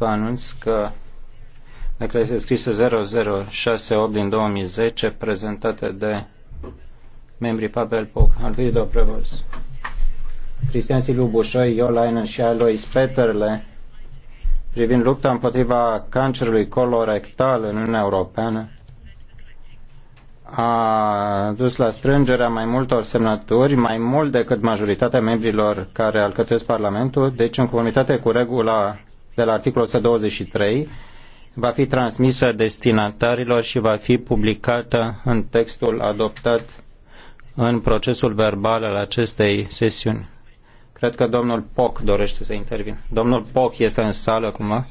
vă anunț că declarația scrisă 0068 din 2010 prezentată de membrii Pavel Poc, Alvido Prevost, Cristian Silviu Bușoi, Iolainen și Alois Peterle privind lupta împotriva cancerului colorectal în Uniunea Europeană a dus la strângerea mai multor semnături, mai mult decât majoritatea membrilor care alcătuiesc Parlamentul, deci în comunitate cu regula de la articolul 123 va fi transmisă destinatarilor și va fi publicată în textul adoptat în procesul verbal al acestei sesiuni. Cred că domnul Poc dorește să intervină. Domnul Poc este în sală acum,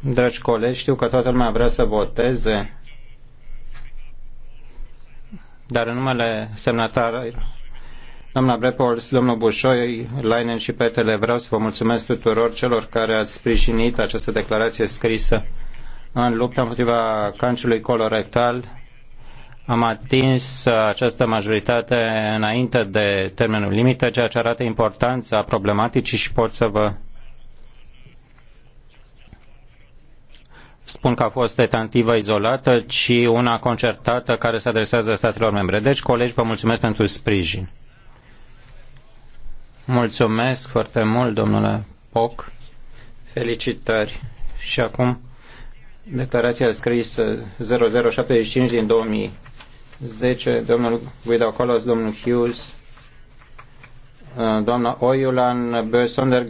Dragi colegi, știu că toată lumea vrea să voteze dar în numele semnatarilor, doamna Brepols, domnul Bușoi, Lainen și Petele, vreau să vă mulțumesc tuturor celor care ați sprijinit această declarație scrisă în lupta împotriva cancerului colorectal. Am atins această majoritate înainte de termenul limită, ceea ce arată importanța problematicii și pot să vă spun că a fost o tentativă izolată, ci una concertată care se adresează statelor membre. Deci, colegi, vă mulțumesc pentru sprijin. Mulțumesc foarte mult, domnule Poc. Felicitări. Și acum, declarația scrisă 0075 din 2010, domnul Guido Colos, domnul Hughes, doamna Oiulan, Bö